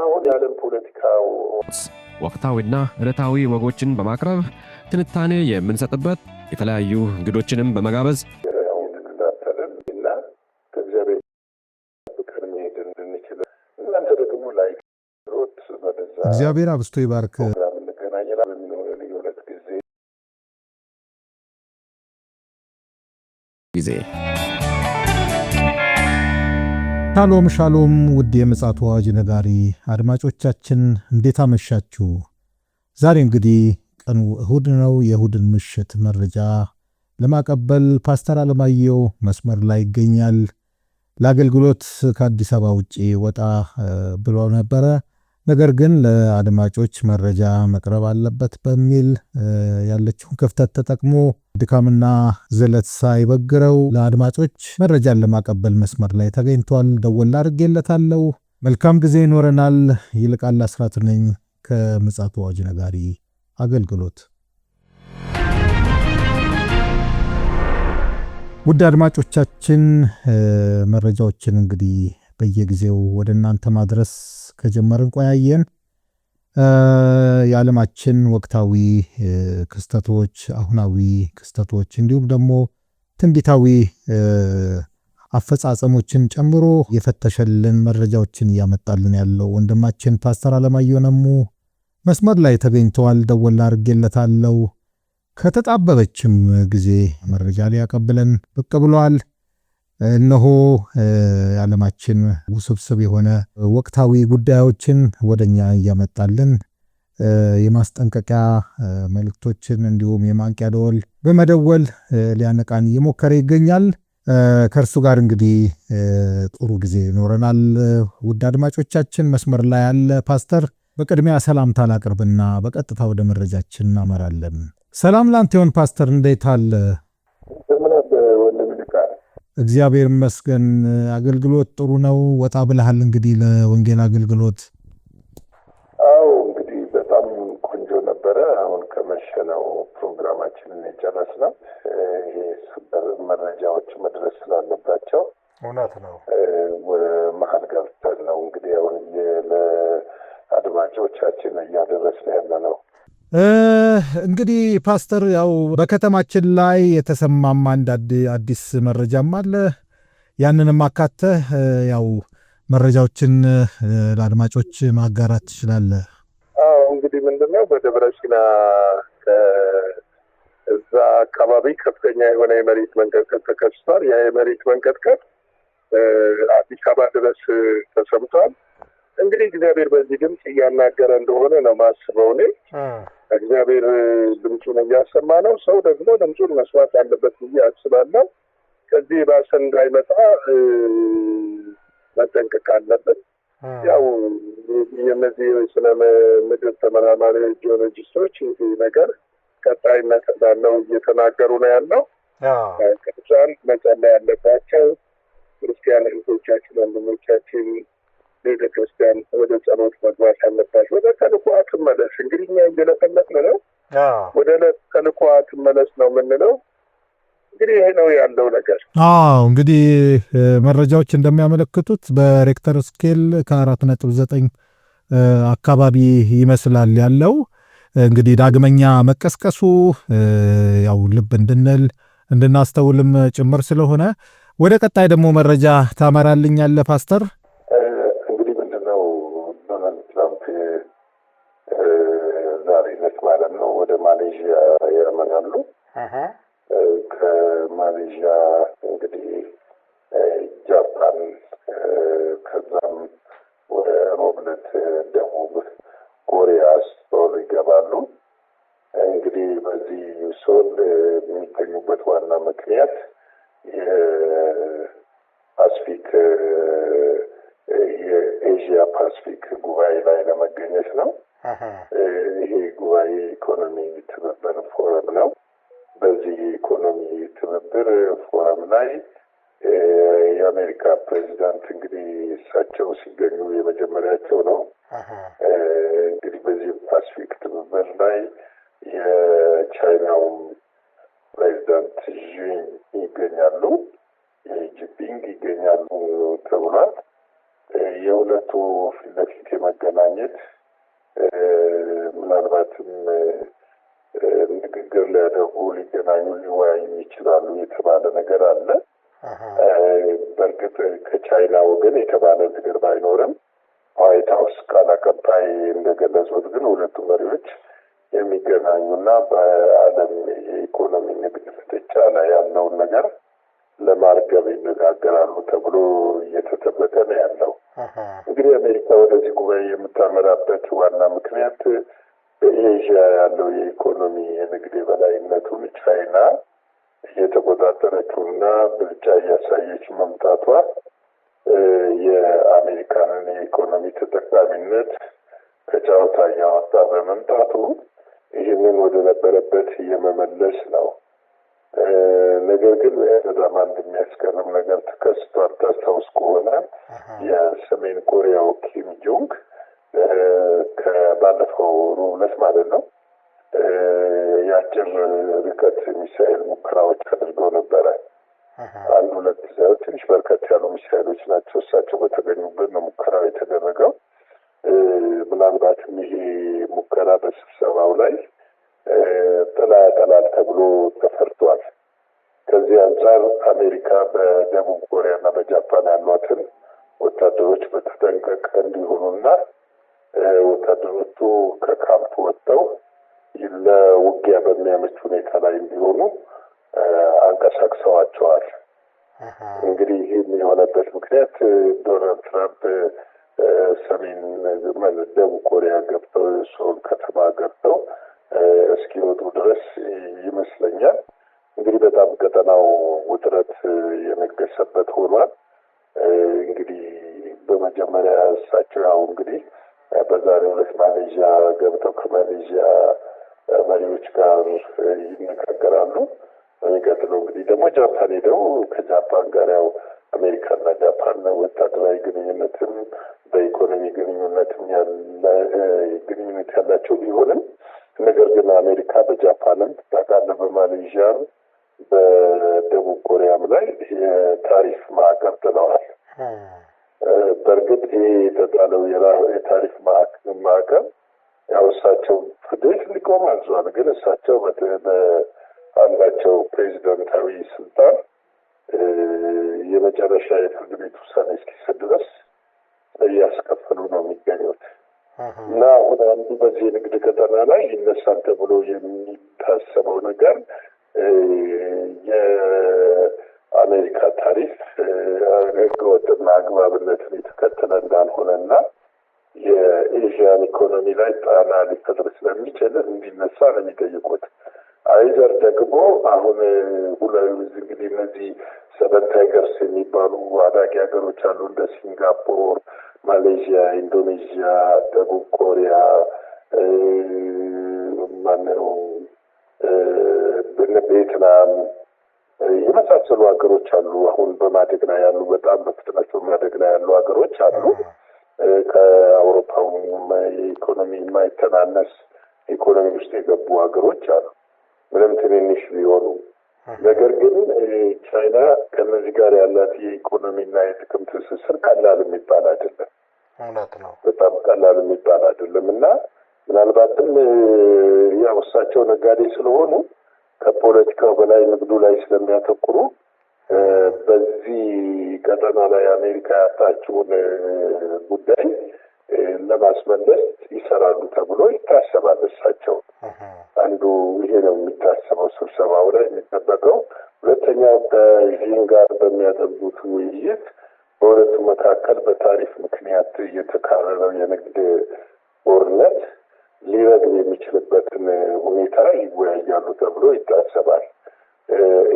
አሁን የዓለም ፖለቲካው ወቅታዊና ዕለታዊ ወጎችን በማቅረብ ትንታኔ የምንሰጥበት የተለያዩ እንግዶችንም በመጋበዝ እግዚአብሔር አብስቶ ይባርክ ጊዜ ሻሎም ሻሎም ውድ የምፅዓቱ አዋጅ ነጋሪ አድማጮቻችን እንዴት አመሻችሁ? ዛሬ እንግዲህ ቀኑ እሁድ ነው። የእሁድን ምሽት መረጃ ለማቀበል ፓስተር አለማየሁ መስመር ላይ ይገኛል። ለአገልግሎት ከአዲስ አበባ ውጭ ወጣ ብሎ ነበረ። ነገር ግን ለአድማጮች መረጃ መቅረብ አለበት በሚል ያለችውን ክፍተት ተጠቅሞ ድካምና ዝለት ሳይበግረው ለአድማጮች መረጃን ለማቀበል መስመር ላይ ተገኝቷል። ደወል አድርጌለታለሁ። መልካም ጊዜ ይኖረናል። ይልቃል አስራት ነኝ ከምፅዓቱ አዋጅ ነጋሪ አገልግሎት። ውድ አድማጮቻችን መረጃዎችን እንግዲህ በየጊዜው ወደ እናንተ ማድረስ ከጀመርን ቆያየን። የዓለማችን ወቅታዊ ክስተቶች፣ አሁናዊ ክስተቶች እንዲሁም ደግሞ ትንቢታዊ አፈጻጸሞችን ጨምሮ የፈተሸልን መረጃዎችን እያመጣልን ያለው ወንድማችን ፓስተር አለማየሁ ነሙ መስመር ላይ ተገኝተዋል። ደወል አድርጌለታለሁ። ከተጣበበችም ጊዜ መረጃ ሊያቀብለን ብቅ ብለዋል። እነሆ የዓለማችን ውስብስብ የሆነ ወቅታዊ ጉዳዮችን ወደኛ እያመጣልን የማስጠንቀቂያ መልእክቶችን እንዲሁም የማንቂያ ደወል በመደወል ሊያነቃን እየሞከረ ይገኛል። ከእርሱ ጋር እንግዲህ ጥሩ ጊዜ ይኖረናል። ውድ አድማጮቻችን፣ መስመር ላይ ያለ ፓስተር በቅድሚያ ሰላምታ ላቅርብና በቀጥታ ወደ መረጃችን እናመራለን። ሰላም ላንተ ይሁን ፓስተር፣ እንዴት አለ? እግዚአብሔር ይመስገን አገልግሎት ጥሩ ነው። ወጣ ብለሃል እንግዲህ ለወንጌል አገልግሎት። አዎ እንግዲህ በጣም ቆንጆ ነበረ። አሁን ከመሸ ነው ፕሮግራማችንን የጨረስነው። ይሄ መረጃዎች መድረስ ስላለባቸው እውነት ነው መሀል ገብተን ነው እንግዲህ አሁን ለአድማጮቻችን እያደረስን ያለ ነው። እንግዲህ ፓስተር ያው በከተማችን ላይ የተሰማም አንድ አዲስ መረጃም አለ። ያንንም አካተ ያው መረጃዎችን ለአድማጮች ማጋራት ትችላለ እንግዲህ ምንድነው በደብረ ሲና እዛ አካባቢ ከፍተኛ የሆነ የመሬት መንቀጥቀጥ ተከስቷል። ያ የመሬት መንቀጥቀጥ አዲስ አበባ ድረስ ተሰምቷል። እንግዲህ እግዚአብሔር በዚህ ድምፅ እያናገረ እንደሆነ ነው ማስበው። እኔ እግዚአብሔር ድምፁን እያሰማ ነው። ሰው ደግሞ ድምፁን መስማት አለበት ብዬ አስባለሁ። ከዚህ ባሰ እንዳይመጣ መጠንቀቅ አለብን። ያው የእነዚህ ስለ ምድር ተመራማሪ ጂኦሎጂስቶች ይህ ነገር ቀጣይነት እንዳለው እየተናገሩ ነው ያለው። ቅዱሳን መጸለይ ያለባቸው ክርስቲያን እህቶቻችን ወንድሞቻችን ቤተክርስቲያን ወደ ጸሎት መግባት አለባችሁ። ወደ ተልኳ ትመለስ። እንግዲህ እኛ እየለፈለፍን ነው፣ ወደ ተልኳ ትመለስ ነው የምንለው። እንግዲህ ይሄ ነው ያለው ነገር። አዎ እንግዲህ መረጃዎች እንደሚያመለክቱት በሬክተር ስኬል ከአራት ነጥብ ዘጠኝ አካባቢ ይመስላል ያለው እንግዲህ ዳግመኛ መቀስቀሱ ያው ልብ እንድንል እንድናስተውልም ጭምር ስለሆነ ወደ ቀጣይ ደግሞ መረጃ ታመራልኛለህ ፓስተር? ከማሌዥያ እንግዲህ ጃፓን፣ ከዛም ወደ ሮብለት ደቡብ ኮሪያ ሶል ይገባሉ። እንግዲህ በዚህ ሶል የሚገኙበት ዋና ምክንያት የፓስፊክ የኤዥያ ፓስፊክ ጉባኤ ላይ ለመገኘት ነው። ይሄ ጉባኤ ኢኮኖሚ ትብብር ፎረም ነው። በዚህ የኢኮኖሚ ትብብር ፎረም ላይ የአሜሪካ ፕሬዚዳንት እንግዲህ እሳቸው ሲገኙ የመጀመሪያቸው ነው። እንግዲህ በዚህ ፓስፊክ ትብብር ላይ የቻይናውም ፕሬዚዳንት ዥን ይገኛሉ፣ ጂፒንግ ይገኛሉ ተብሏል። የሁለቱ ፊት ለፊት የመገናኘት ምናልባትም ንግግር ሊያደርጉ ሊገናኙ ሊወያዩ ይችላሉ የተባለ ነገር አለ። በእርግጥ ከቻይና ወገን የተባለ ነገር ባይኖርም ዋይት ሀውስ ቃል አቀባይ እንደገለጹት ግን ሁለቱ መሪዎች የሚገናኙና በዓለም የኢኮኖሚ ንግድ ፍጥጫ ላይ ያለውን ነገር ለማርገብ ይነጋገራሉ ተብሎ እየተጠበቀ ነው ያለው። እንግዲህ አሜሪካ ወደዚህ ጉባኤ የምታመራበት ዋና ምክንያት በኤዥያ ያለው የኢኮኖሚ የንግድ የበላይነቱን ቻይና እየተቆጣጠረችውና ብልጫ እያሳየች መምጣቷ የአሜሪካንን የኢኮኖሚ ተጠቃሚነት ከጨዋታ እያወጣ በመምጣቱ ይህንን ወደ ነበረበት እየመመለስ ነው። ነገር ግን በጣም አንድ የሚያስገርም ነገር ተከስቷል። ታስታውስ ከሆነ የሰሜን ኮሪያው ኪም ጆንግ ከባለፈው ሩብለት ማለት ነው የአጭር ርቀት ሚሳኤል ሙከራዎች አድርገው ነበረ። አንድ ሁለት ሰው ትንሽ በርከት ያሉ ሚሳኤሎች ናቸው። እሳቸው በተገኙበት ነው ሙከራው የተደረገው። ምናልባትም ይሄ ሙከራ በስብሰባው ላይ ጥላ ያጠላል ተብሎ ተፈርቷል። ከዚህ አንጻር አሜሪካ በደቡብ ኮሪያና በጃፓን ያሏትን ወታደሮች በተጠንቀቅ እንዲሆኑና ወታደሮቹ ከካምፕ ወጥተው ለውጊያ በሚያመች ሁኔታ ላይ እንዲሆኑ አንቀሳቅሰዋቸዋል። እንግዲህ ይህን የሆነበት ምክንያት ዶናልድ ትራምፕ ሰሜን ደቡብ ኮሪያ ገብተው ሶል ከተማ ገብተው እስኪወጡ ድረስ ይመስለኛል። እንግዲህ በጣም ቀጠናው ውጥረት የነገሰበት ሆኗል። እንግዲህ በመጀመሪያ እሳቸው ያው እንግዲህ በዛሬ ዕለት ማሌዥያ ገብተው ከማሌዥያ መሪዎች ጋር ይነጋገራሉ። የሚቀጥለው እንግዲህ ደግሞ ጃፓን ሄደው ከጃፓን ጋር ያው አሜሪካና ጃፓን ወታደራዊ ግንኙነትም በኢኮኖሚ ግንኙነትም ግንኙነት ያላቸው ቢሆንም ነገር ግን አሜሪካ በጃፓንም ታቃለ በማሌዥያም በደቡብ ኮሪያም ላይ የታሪፍ ማዕቀብ ጥለዋል። ይሄ የተጣለው የታሪፍ ማዕቀብ ያው እሳቸው ፍርድ ሊቆም እንዲቆም አዟል። ግን እሳቸው ባላቸው ፕሬዚደንታዊ ስልጣን የመጨረሻ የፍርድ ቤት ውሳኔ እስኪሰጥ ድረስ እያስከፈሉ ነው የሚገኙት እና አሁን አንዱ በዚህ የንግድ ቀጠና ላይ ይነሳል ተብሎ የሚታሰበው ነገር የአሜሪካ ታሪፍ ህገወጥና አግባብነትን የተከተለ እንዳልሆነና የኤዥያን ኢኮኖሚ ላይ ጣና ሊፈጥር ስለሚችል እንዲነሳ ነው የሚጠይቁት። አይዘር ደግሞ አሁን ሁላዊ እንግዲህ እነዚህ ሰቨን ታይገርስ የሚባሉ አዳጊ ሀገሮች አሉ እንደ ሲንጋፖር፣ ማሌዥያ፣ ኢንዶኔዥያ፣ ደቡብ ኮሪያ ማነው ቤትናም የመሳሰሉ ሀገሮች አሉ። አሁን በማደግ ላይ ያሉ በጣም በፍጥነት በማደግ ላይ ያሉ ሀገሮች አሉ። ከአውሮፓው የኢኮኖሚ የማይተናነስ ኢኮኖሚ ውስጥ የገቡ ሀገሮች አሉ፣ ምንም ትንንሽ ቢሆኑ። ነገር ግን ቻይና ከነዚህ ጋር ያላት የኢኮኖሚና የጥቅም ትስስር ቀላል የሚባል አይደለም። እውነት ነው። በጣም ቀላል የሚባል አይደለም እና ምናልባትም ያው እሳቸው ነጋዴ ስለሆኑ ከፖለቲካው በላይ ንግዱ ላይ ስለሚያተኩሩ በዚህ ቀጠና ላይ አሜሪካ ያጣችውን ጉዳይ ለማስመለስ ይሰራሉ ተብሎ ይታሰባል። እሳቸው አንዱ ይሄ ነው የሚታሰበው ስብሰባው ላይ የሚጠበቀው። ሁለተኛው ከዢን ጋር በሚያደርጉት ውይይት በሁለቱ መካከል በታሪፍ ምክንያት እየተካረረው የንግድ ጦርነት ሊበግብ የሚችልበትን ሁኔታ ይወያያሉ ተብሎ ይታሰባል።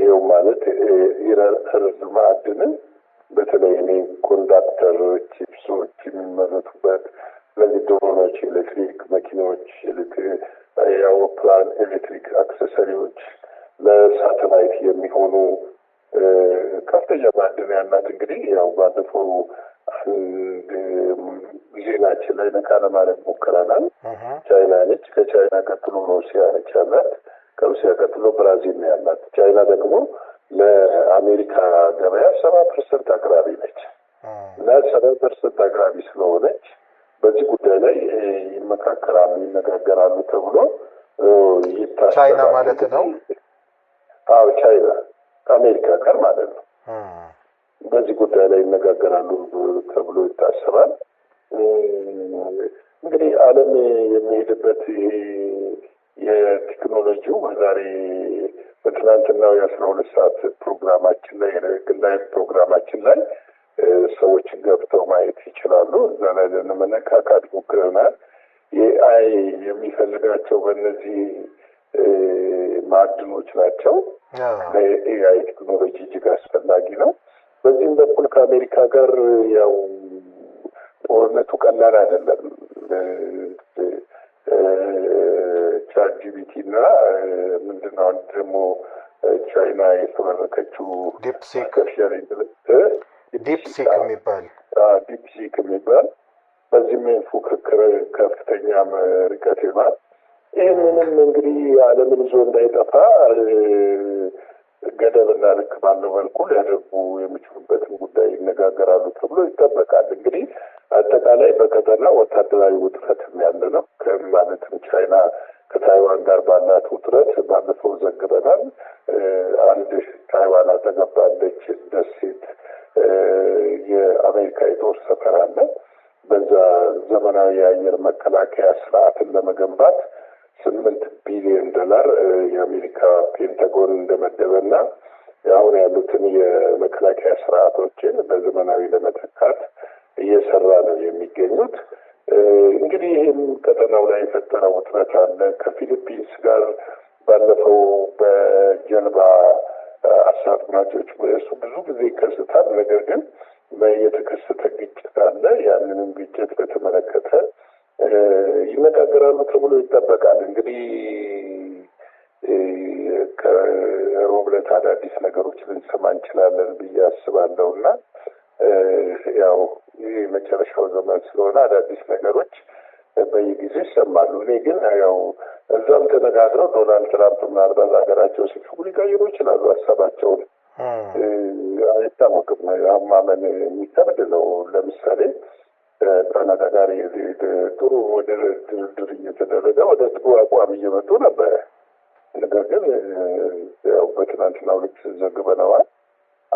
ይኸው ማለት ረዝ ማዕድንን በተለይ እኔ ኮንዳክተሮች፣ ቺፕሶች የሚመረቱበት ለዚህ ድሮኖች፣ ኤሌክትሪክ መኪናዎች፣ የአውሮፕላን ኤሌክትሪክ አክሰሰሪዎች፣ ለሳተላይት የሚሆኑ ከፍተኛ ማዕድን ያናት እንግዲህ ያው ባለፈው አንድ ዜናችን ላይ ነካ ለማለት ሞክረናል። ቻይና ነች። ከቻይና ቀጥሎ ሩሲያ ነች ያላት። ከሩሲያ ቀጥሎ ብራዚል ነው ያላት። ቻይና ደግሞ ለአሜሪካ ገበያ ሰባ ፐርሰንት አቅራቢ ነች እና ሰባ ፐርሰንት አቅራቢ ስለሆነች በዚህ ጉዳይ ላይ ይመካከራሉ፣ ይነጋገራሉ ተብሎ ይታሰባል። ቻይና ማለት ነው። አዎ ቻይና ከአሜሪካ ጋር ማለት ነው። በዚህ ጉዳይ ላይ ይነጋገራሉ ተብሎ ይታሰባል። እንግዲህ ዓለም የሚሄድበት ይሄ የቴክኖሎጂው ዛሬ በትናንትናው የአስራ ሁለት ሰዓት ፕሮግራማችን ላይ ላይ ፕሮግራማችን ላይ ሰዎች ገብተው ማየት ይችላሉ። እዛ ላይ ለመነካካት ሞክረናል። የአይ የሚፈልጋቸው በእነዚህ ማዕድኖች ናቸው። ለኤአይ ቴክኖሎጂ እጅግ አስፈላጊ ነው። በዚህም በኩል ከአሜሪካ ጋር ያው ጦርነቱ ቀላል አይደለም። ቻት ጂቢቲ እና ምንድነው አንድ ደግሞ ቻይና የተመረከችው ዲፕሲክ የሚባል ዲፕሲክ የሚባል በዚህም ፉክክር ከፍተኛ ርቀት ይሆናል። ይህንንም እንግዲህ ዓለምን ይዞ እንዳይጠፋ እና ልክ ባለው መልኩ ሊያደርጉ የሚችሉበትን ጉዳይ ይነጋገራሉ ተብሎ ይጠበቃል። እንግዲህ አጠቃላይ በቀጠና ወታደራዊ ውጥረት ያለ ነው። ማለትም ቻይና ከታይዋን ጋር ባላት ውጥረት ባለፈው ዘግበናል። አንድ ታይዋን አጠገብ ባለች ደሴት የአሜሪካ የጦር ሰፈር አለ። በዛ ዘመናዊ የአየር መከላከያ ስርዓትን ለመገንባት ስምንት ቢሊዮን ዶላር የአሜሪካ ፔንታጎን እንደመደበና አሁን ያሉትን የመከላከያ ስርዓቶችን በዘመናዊ ለመተካት እየሰራ ነው የሚገኙት። እንግዲህ ይህም ቀጠናው ላይ የፈጠረው ውጥረት አለ። ከፊሊፒንስ ጋር ባለፈው በጀልባ አሳት ማጮች እሱ ብዙ ጊዜ ይከሰታል። ነገር ግን የተከሰተ ግጭት አለ። ያንንም ግጭት በተመለከተ ይነጋገራሉ ተብሎ ይጠበቃል። እንግዲህ ከሮብለት አዳዲስ ነገሮች ልንሰማ እንችላለን ብዬ አስባለሁ እና ዘመን ስለሆነ አዳዲስ ነገሮች በየጊዜው ይሰማሉ። እኔ ግን ያው እዛም ተነጋግረው ዶናልድ ትራምፕ ምናልባት ሀገራቸው ሲገቡ ሊቀይሩ ይችላሉ ሀሳባቸውን። አይታወቅም። አማመን የሚከብድ ነው። ለምሳሌ ተነጋጋሪ ጥሩ ወደ ድርድር እየተደረገ ወደ ጥሩ አቋም እየመጡ ነበረ። ነገር ግን ያው በትናንትና ሁለት ዘግበነዋል።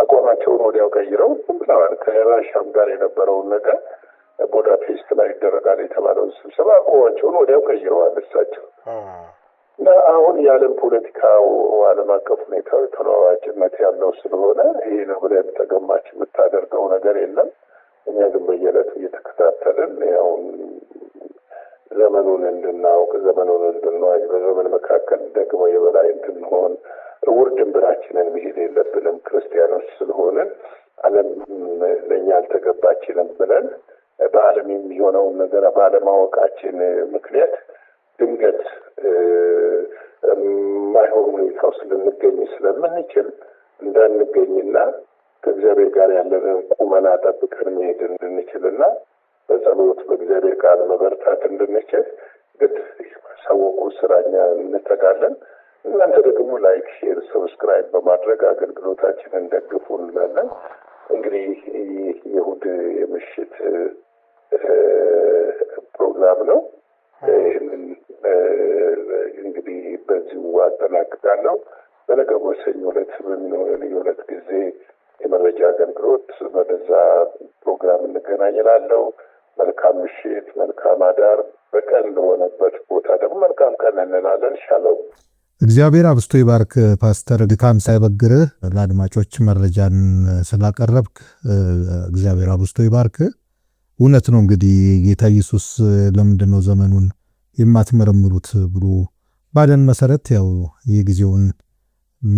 አቋማቸውን ወዲያው ቀይረው ብለዋል። ከራሻም ጋር የነበረውን ነገር ቡዳፔስት ላይ ይደረጋል የተባለውን ስብሰባ አቋማቸውን ወዲያው ቀይረዋል እሳቸው እና አሁን የዓለም ፖለቲካው ዓለም አቀፍ ሁኔታ ተለዋዋጭነት ያለው ስለሆነ ይሄ ነው ብለን ተገማች የምታደርገው ነገር የለም። እኛ ግን በየዕለቱ እየተከታተልን ያውን ዘመኑን እንድናውቅ ዘመኑን እንድንዋጅ በዘመን መካከል ደግሞ የበላይ እንድንሆን እውር ድንብራችንን መሄድ የለብንም ክርስቲያኖች ስለሆንን ዓለም ለእኛ አልተገባችንም ብለን በዓለም የሚሆነውን ነገር ባለማወቃችን ምክንያት ድንገት የማይሆን ሁኔታ ውስጥ ልንገኝ ስለምንችል እንዳንገኝና ከእግዚአብሔር ጋር ያለንን ቁመና ጠብቀን መሄድ እንድንችልና በጸሎት በእግዚአብሔር ቃል መበርታት እንድንችል ግድ ሰወቁ ስራኛ እንተጋለን። እናንተ ደግሞ ላይክ፣ ሼር፣ ሰብስክራይብ በማድረግ አገልግሎታችንን ደግፉ እንላለን። እንግዲህ ይህ የእሑድ የምሽት ቤት መልካም አዳር፣ በቀን ለሆነበት ቦታ ደግሞ መልካም ቀን እንላለን። ይሻለው እግዚአብሔር አብስቶ ይባርክ። ፓስተር ድካም ሳይበግርህ ለአድማጮች መረጃን ስላቀረብክ እግዚአብሔር አብስቶ ይባርክ። እውነት ነው እንግዲህ ጌታ ኢየሱስ ለምንድን ነው ዘመኑን የማትመረምሩት ብሎ ባለን መሰረት ያው የጊዜውን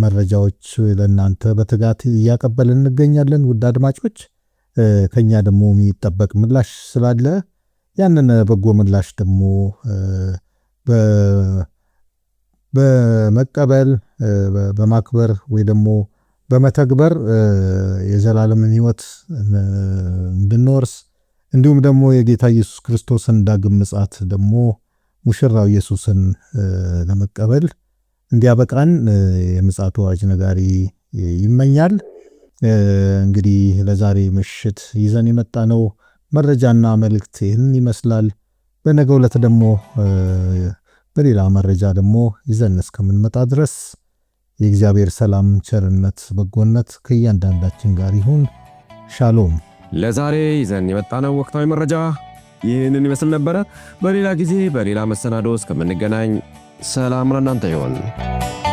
መረጃዎች ለእናንተ በትጋት እያቀበልን እንገኛለን። ውድ አድማጮች ከኛ ደግሞ የሚጠበቅ ምላሽ ስላለ ያንን በጎ ምላሽ ደግሞ በመቀበል በማክበር ወይ ደግሞ በመተግበር የዘላለምን ሕይወት እንድንወርስ እንዲሁም ደግሞ የጌታ ኢየሱስ ክርስቶስን ዳግም ምጽአት ደግሞ ሙሽራው ኢየሱስን ለመቀበል እንዲያበቃን የምጽአቱ አዋጅ ነጋሪ ይመኛል። እንግዲህ ለዛሬ ምሽት ይዘን የመጣ ነው መረጃና መልእክት ይህን ይመስላል። በነገ ዕለት ደግሞ በሌላ መረጃ ደግሞ ይዘን እስከምንመጣ ድረስ የእግዚአብሔር ሰላም፣ ቸርነት፣ በጎነት ከእያንዳንዳችን ጋር ይሁን። ሻሎም። ለዛሬ ይዘን የመጣነው ወቅታዊ መረጃ ይህንን ይመስል ነበረ። በሌላ ጊዜ በሌላ መሰናዶ እስከምንገናኝ ሰላም ለእናንተ ይሆን።